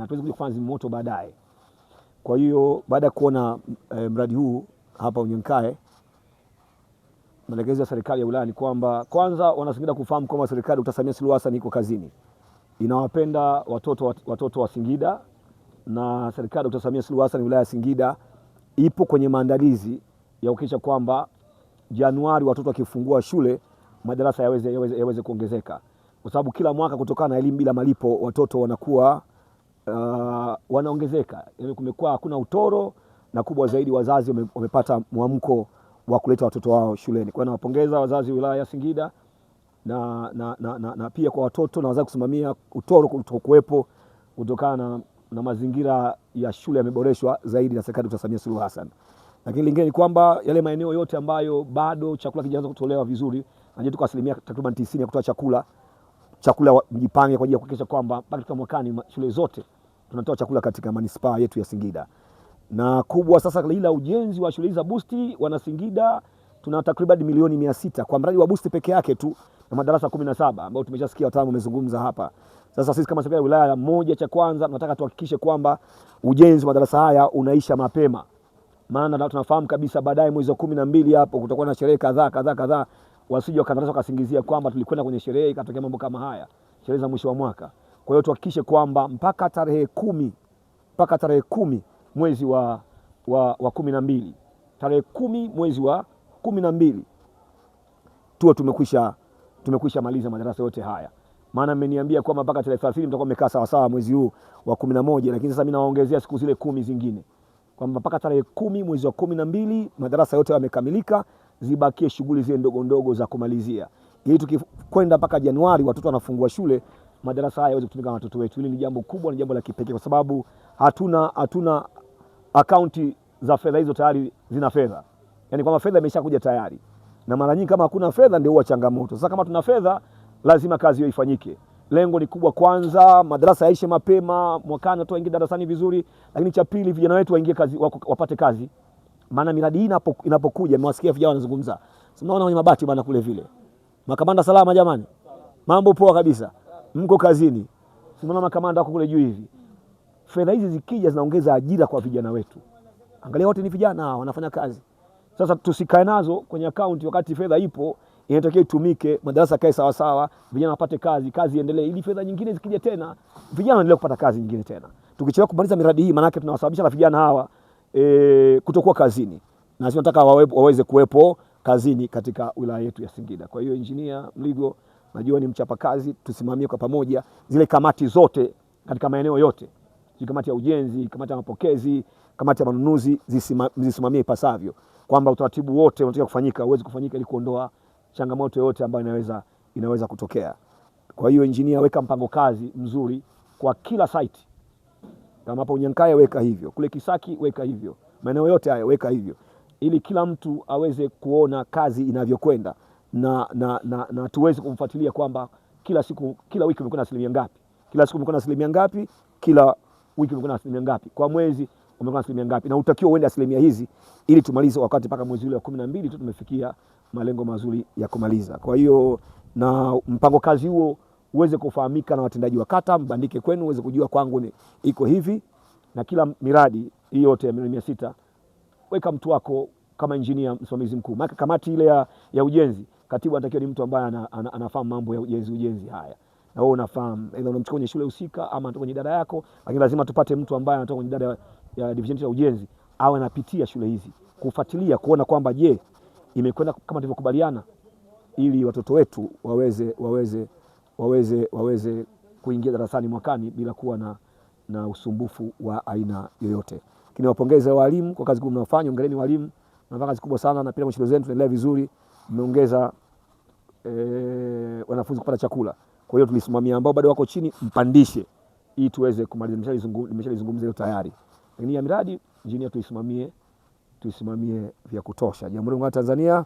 na tuweze kuja kufanya zimoto baadaye. Kwa hiyo baada ya kuona e, mradi huu hapa Unyankae, maelekezo ya serikali ya wilaya ni kwamba kwanza Wanasingida kufahamu kwamba serikali Dkt. Samia Suluhu Hassan iko kazini, inawapenda watoto, watoto wa Singida na serikali ya Dkt. Samia Suluhu Hassan wilaya ya Singida ipo kwenye maandalizi ya kuhakikisha kwamba Januari watoto wakifungua shule madarasa yaweze, yaweze, yaweze kuongezeka kwa sababu kila mwaka kutokana na elimu bila malipo watoto wanakuwa uh, wanaongezeka, yaani kumekuwa hakuna utoro, na kubwa zaidi wazazi wamepata mwamko wa kuleta watoto wao shuleni. Kwa hiyo nawapongeza wazazi wilaya ya Singida na, na, na, na, na pia kwa watoto na wazazi kusimamia utoro kutokuwepo kutokana na, na mazingira ya shule yameboreshwa zaidi na serikali ya Samia Suluhu Hassan. Lakini lingine ni kwamba yale maeneo yote ambayo bado chakula kijaanza kutolewa vizuri, najua tuko asilimia takriban 90 ya kutoa chakula chakula, mjipange kwa ajili ya kuhakikisha kwamba mpaka mwakani shule zote tunatoa chakula katika manispaa yetu ya Singida, na kubwa sasa lila ujenzi wa shule za busti wana Singida tuna takriban milioni mia sita kwa mradi wa busti peke yake tu na madarasa kumi na saba ambayo tumeshasikia wataalamu wamezungumza hapa. Sasa sisi kama serikali ya wilaya, moja cha kwanza tunataka tuhakikishe kwamba ujenzi wa madarasa haya unaisha mapema, maana tunafahamu kabisa baadaye mwezi wa kumi na mbili hapo kutakuwa na sherehe kadhaa kadhaa kadhaa, wasije wakandarasa wakasingizia kwamba tulikwenda kwenye sherehe ikatokea mambo kama haya, sherehe za mwisho wa mwaka. Kwa hiyo tuhakikishe kwamba mpaka tarehe kumi mpaka tarehe kumi mwezi wa, wa, wa kumi na mbili tarehe kumi mwezi wa kumi na mbili tuwe tumekwisha tumekwisha maliza madarasa yote haya, maana mmeniambia kwamba mpaka tarehe thelathini mtakuwa mmekaa sawasawa mwezi huu wa kumi na moja, lakini sasa mi nawaongezea siku zile kumi zingine kwamba mpaka tarehe kumi mwezi wa kumi na mbili madarasa yote yamekamilika, zibakie shughuli zile ndogo ndogo za kumalizia, ili tukikwenda mpaka Januari watoto wanafungua shule madarasa haya yaweze kutumika na watoto wetu. Hili ni jambo kubwa, ni jambo la kipekee kwa sababu hatuna, hatuna akaunti za fedha hizo tayari zina fedha, yaani kwamba fedha imeshakuja tayari, na mara nyingi kama hakuna fedha ndio huwa changamoto. Sasa kama tuna fedha, lazima kazi hiyo ifanyike. Lengo ni kubwa, kwanza madarasa yaishe mapema mwakani, watu waingie darasani vizuri, lakini cha pili, vijana wetu waingie kazi, wapate kazi, maana miradi hii inapokuja, mwasikia vijana wanazungumza, unaona kwenye mabati bana kule vile makamanda. Salama jamani, mambo poa kabisa mko kazini, simama makamanda wako kule juu hivi. Fedha hizi zikija zinaongeza ajira kwa vijana wetu. Angalia wote ni vijana wanafanya kazi. Sasa tusikae nazo kwenye akaunti wakati fedha ipo inatakiwa itumike, madarasa kae sawa sawa, vijana wapate kazi, kazi iendelee, ili fedha nyingine zikija tena vijana waendelee kupata kazi nyingine tena. Tukichelewa kumaliza miradi hii, maanake tunawasababisha na vijana hawa e, kutokuwa kazini, na sisi tunataka waweze kuwepo kazini katika wilaya yetu ya Singida. Kwa hiyo, Injinia Mligo najua ni mchapakazi, tusimamie kwa pamoja zile kamati zote katika maeneo yote, kamati ya ujenzi, kamati ya mapokezi, kamati ya manunuzi, zisimamie ipasavyo kwamba utaratibu wote unataka kufanyika uweze kufanyika ili kuondoa changamoto yoyote ambayo inaweza, inaweza kutokea. Kwa hiyo injinia, weka mpango kazi mzuri kwa kila site. Kama hapo Unyankaya weka hivyo, kule Kisaki weka hivyo, maeneo yote haya weka hivyo, ili kila mtu aweze kuona kazi inavyokwenda na, na, na, na tuweze kumfuatilia kwamba kila siku, kila wiki umekuwa na asilimia ngapi, kila siku umekuwa na asilimia ngapi, kila wiki umekuwa na asilimia ngapi, kwa mwezi umekuwa na asilimia ngapi, na utakiwa uende asilimia hizi ili tumalize wakati mpaka mwezi ule wa kumi na mbili tu tumefikia malengo mazuri ya kumaliza. Kwa hiyo na mpango kazi huo uweze kufahamika na watendaji wa kata, mbandike kwenu uweze kujua kwangu ni iko hivi, na kila miradi hii yote ya milioni mia sita weka mtu wako kama injinia msimamizi mkuu, maana kamati ile ya, ya ujenzi Katibu anatakiwa ni mtu ambaye ana, ana, anafahamu mambo ya ujenzi ujenzi haya na wewe unafahamu, aidha unamchukua kwenye shule husika ama anatoka kwenye idara yako, lakini lazima tupate mtu ambaye anatoka kwenye idara ya division ya ujenzi au anapitia shule hizi kufuatilia kuona kwamba je, imekwenda kama tulivyokubaliana, ili watoto wetu waweze waweze waweze waweze kuingia darasani mwakani bila kuwa na, na usumbufu wa aina yoyote. Lakini wapongeze walimu kwa kazi kubwa mnayofanya. ongeleni walimu, mnafanya kazi kubwa sana, na napenda shule zenu, tunaendelea vizuri mmeongeza e, wanafunzi kupata chakula. Kwa hiyo tulisimamia ambao bado wako chini, mpandishe ili tuweze kumaliza. Nimeshalizungumza hiyo tayari, lakini ya miradi injinia tuisimamie, tuisimamie vya kutosha. Jamhuri ya Muungano wa Tanzania.